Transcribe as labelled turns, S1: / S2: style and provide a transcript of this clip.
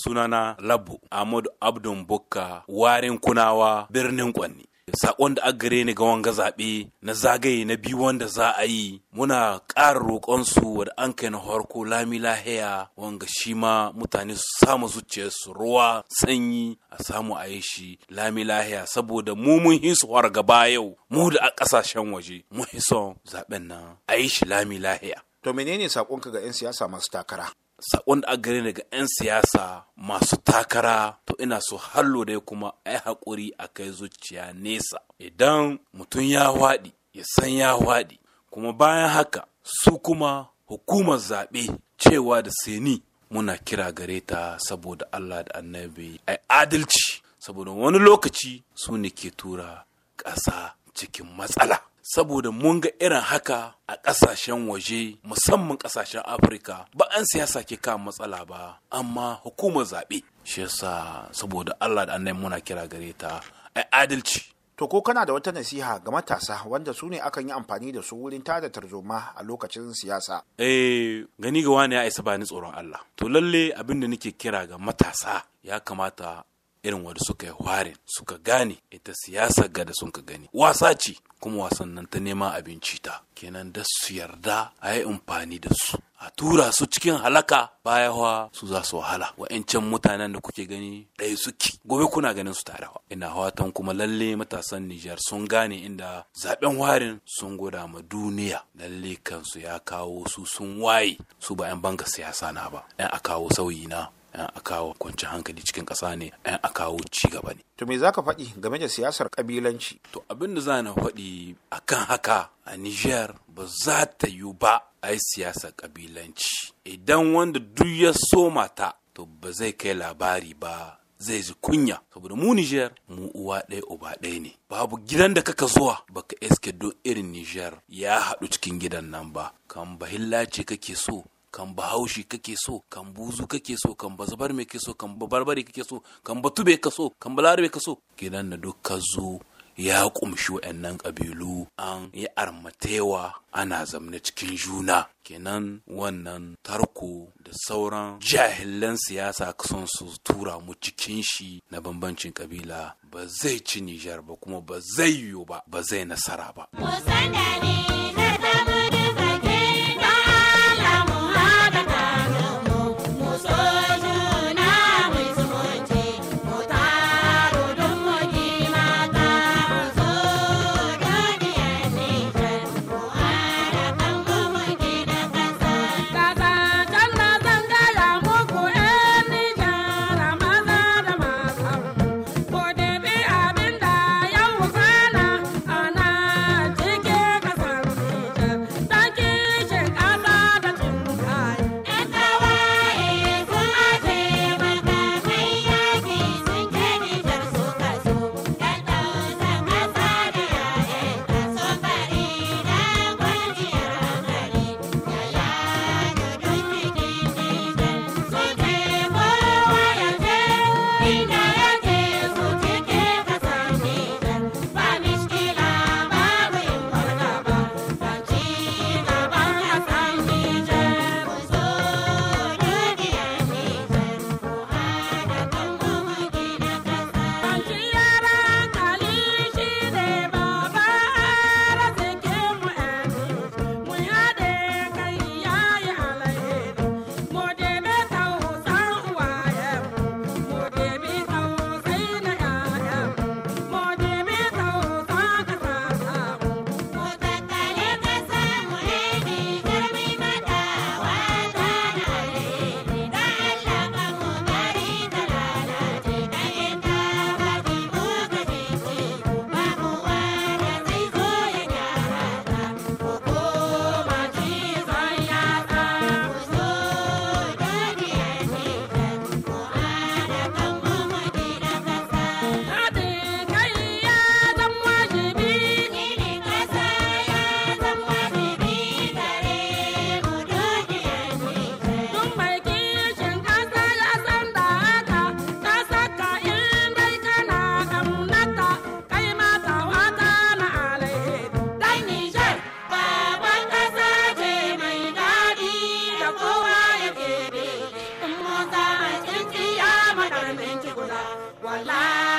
S1: sunana labu ahmadu abdun bukka warin kunawa birnin kwanni sakon da agare ni ga wanga zaɓe na zagaye na biyu wanda za a yi muna ƙara roƙonsu wadda an kai na harko lami lahiya wanga shi ma mutane su samu su ruwa sanyi a samu a shi lami lahiya saboda mu mun su har gaba yau mu da a ƙasashen waje mun hiso zaɓen nan a yi shi lami lahiya. to menene saƙonka ga 'yan siyasa masu takara. sakon da aka gare ni 'yan siyasa masu takara to ina so hallo dai kuma ai haƙuri a kai zuciya nesa idan mutum ya waɗi ya san ya waɗi kuma bayan haka su kuma hukumar zaɓe cewa da seni muna kira gare ta saboda allah da annabi ai adalci saboda wani lokaci su ne ke tura ƙasa cikin matsala saboda mun ga irin haka a ƙasashen waje musamman ƙasashen afirka ba an siyasa ke kan matsala ba amma hukumar zaɓe shi yasa saboda allah da annai muna kira gare ta a adalci to ko kana da wata nasiha ga matasa wanda su ne akan yi amfani da su wurin tada tarzoma a lokacin siyasa eh gani ga wani ya isa bani tsoron allah to lalle abin da nake kira ga matasa ya kamata irin wadda suka yi warin suka gane ita siyasa gada sun ka gani wasa ce kuma wasan ta nema abinci ta kenan da su yarda a yi amfani da su a tura su cikin halaka bayawa su za su wahala wa'ancan mutanen da kuke gani ɗaya suke gobe kuna ganin su tare ina watan kuma lalle matasan Nijar sun gane inda zaben warin sun goda ma duniya lalle kansu ya kawo su sun waye su ba 'yan banga siyasa na ba 'yan a kawo sauyi na Eh, a kawo kwanci hankali cikin ƙasa ne eh, a kawo ci gaba ne. To me za ka faɗi game da siyasar ƙabilanci? To abin da za na faɗi a kan haka a Niger ba za ta yi ba a yi siyasar ƙabilanci. Idan wanda duk ya so mata to ba zai kai labari ba zai ji kunya saboda mu Niger mu uwa ɗaya uba ɗaya ne babu gidan da kaka zuwa baka iske don irin Niger ya haɗu cikin gidan nan ba kan bahilla ce kake so kan bahaushe kake so kan buzu kake so kan bazabar me kake so kan barbare kake so kan batube ka so kan balarabe ka so gidan na duk ka zo ya kumshi wa'annan ƙabilu an yi armatewa ana zamne cikin juna kenan wannan tarko da sauran jahilan siyasa kason su tura mu cikin shi na bambancin ƙabila ba zai ci nijar ba kuma ba zai yiwu ba ba zai nasara ba.